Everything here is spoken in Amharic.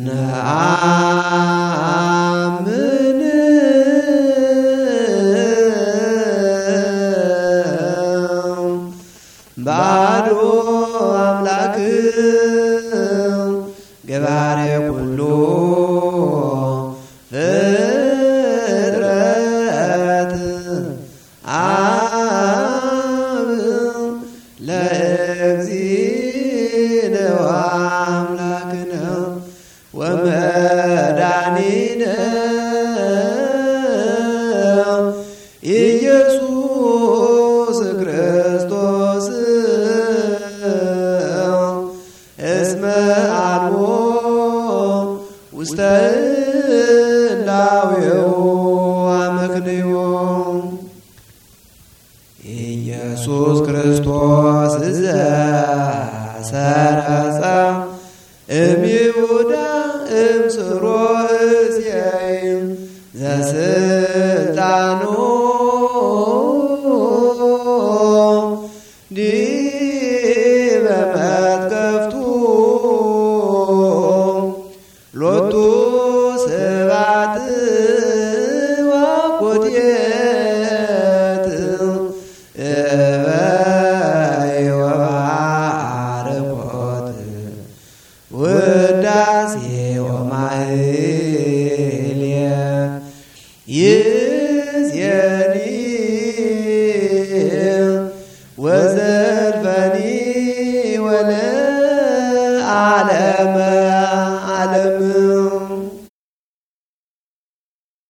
ነአምን ባዶ አምላክ ገባሬ ኩሉ ወመዳኒነ ኢየሱስ ክርስቶስ እስመ አልቦ ውስተ አመክንዮ ኢየሱስ ክርስቶስ እሚውድ እምስሮ እሴይም ዘስልጣኑ ዲበ መትከፍቱ ሎቱ ስባት ወኮቴት እበይወ አርቆት ውዳሴ وزرفني ولا أعلم أعلم